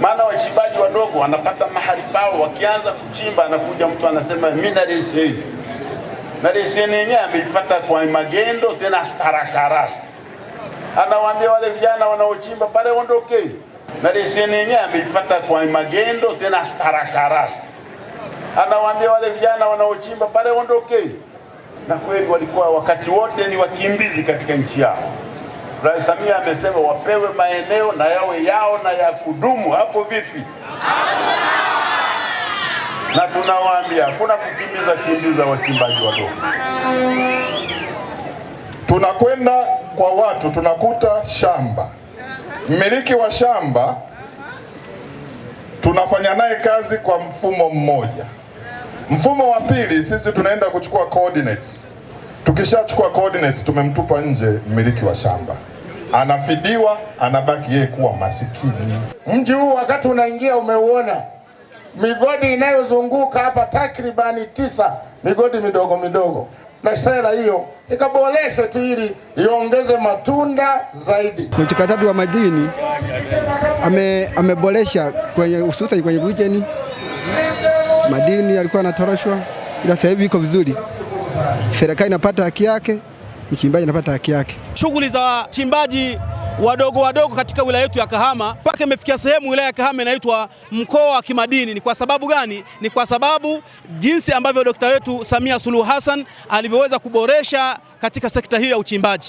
maana wachimbaji wadogo wanapata mahali pao, wakianza kuchimba anakuja mtu anasema mimi na leseni na leseni yenyewe ameipata kwa magendo, tena karakara Anawaambia wale vijana wanaochimba pale, ondokeni na leseni yenyewe ameipata kwa magendo, tena karakara Anawaambia wale vijana wanaochimba pale, ondokeni. Na kweli walikuwa wakati wote ni wakimbizi katika nchi yao. Rais Samia amesema wapewe maeneo na yawe yao na ya kudumu. Hapo vipi? Na tunawaambia kuna kukimbiza kimbiza wachimbaji wadogo. Tunakwenda kwa watu, tunakuta shamba, mmiliki wa shamba tunafanya naye kazi kwa mfumo mmoja. Mfumo wa pili, sisi tunaenda kuchukua coordinates. Tukishachukua coordinates, tumemtupa nje mmiliki wa shamba anafidiwa, anabaki yeye kuwa masikini. Mji huu wakati unaingia umeuona migodi inayozunguka hapa takribani tisa, migodi midogo midogo, na sera hiyo ikaboreshwe tu ili iongeze matunda zaidi. Mchakataji wa madini ame, ameboresha kwenye hususani kwenye vijijini, madini yalikuwa yanatoroshwa, ila sasa hivi iko vizuri, serikali inapata haki yake mchimbaji anapata haki yake. Shughuli za wachimbaji wadogo wadogo katika wilaya yetu ya Kahama mpaka imefikia sehemu wilaya ya Kahama inaitwa mkoa wa kimadini. Ni kwa sababu gani? Ni kwa sababu jinsi ambavyo dokta wetu Samia Suluhu Hassan alivyoweza kuboresha katika sekta hiyo ya uchimbaji.